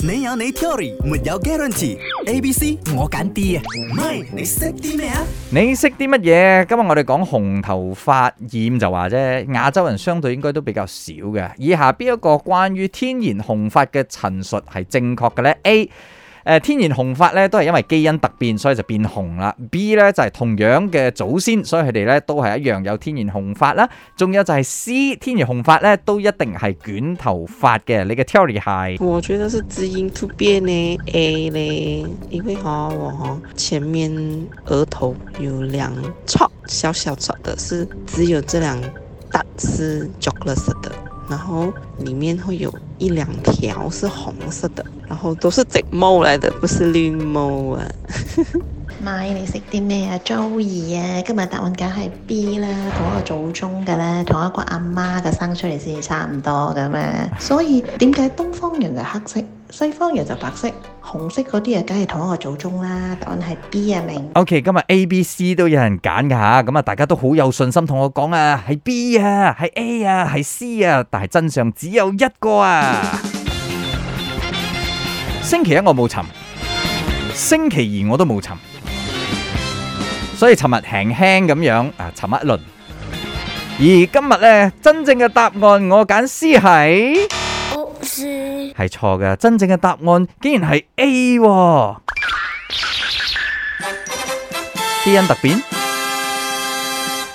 你有你 theory，沒有 guarantee。A B C 我揀 D 啊，咪你識啲咩啊？你識啲乜嘢？今日我哋講紅頭髮染就話啫，亞洲人相對應該都比較少嘅。以下邊一個關於天然紅髮嘅陳述係正確嘅呢？A 誒天然紅髮咧都係因為基因突變，所以就變紅啦。B 咧就係、是、同樣嘅祖先，所以佢哋咧都係一樣有天然紅髮啦。仲有就係 C 天然紅髮咧都一定係捲頭髮嘅。你嘅 theory 係？我覺得是基因突變咧，A 咧，因為我前面額頭有兩撮小小撮的是，是只有這兩笪是巧克力色的。然後裏面會有一兩條是紅色的，然後都是紫貓來的，不是綠貓啊。呵 呵 MY，你識啲咩啊？Joey 啊，今日答案梗係 B 啦，同一個祖宗嘅咧，同一個阿媽嘅生出嚟先至差唔多噶嘛。所以點解東方人就黑色，西方人就白色，紅色嗰啲啊，梗係同一個祖宗啦。答案係 B 啊，明？O K，今日 A、B、C 都有人揀噶吓，咁啊，大家都好有信心同我講啊，係 B 啊，係 A 啊，係 C 啊，但係真相只有一個啊。 星期一我冇尋，星期二我都冇尋。所以尋日輕輕咁樣啊，尋一輪。而今日呢，真正嘅答案我揀 C 係，係錯嘅。真正嘅答案竟然係 A。基因突變。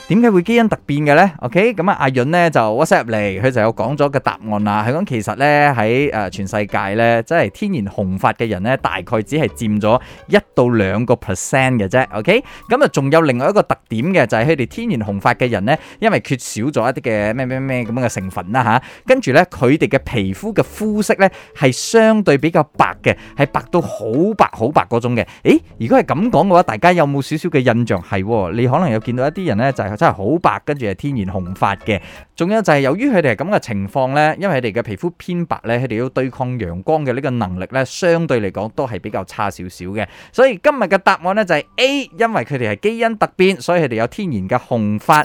點解會基因突變嘅咧？OK，咁啊，阿潤咧就 WhatsApp 嚟，佢就有講咗個答案啦。佢講其實咧喺誒全世界咧，即係天然紅髮嘅人咧，大概只係佔咗一到兩個 percent 嘅啫。OK，咁啊，仲有另外一個特點嘅就係佢哋天然紅髮嘅人咧，因為缺少咗一啲嘅咩咩咩咁樣嘅成分啦吓，跟住咧佢哋嘅皮膚嘅膚色咧係相對比較白嘅，係白到好白好白嗰種嘅。誒，如果係咁講嘅話，大家有冇少少嘅印象係？你可能有見到一啲人咧就係。真係好白，跟住係天然紅髮嘅。仲有就係由於佢哋係咁嘅情況呢，因為佢哋嘅皮膚偏白，呢佢哋要對抗陽光嘅呢個能力呢，相對嚟講都係比較差少少嘅。所以今日嘅答案呢，就係 A，因為佢哋係基因突變，所以佢哋有天然嘅紅髮。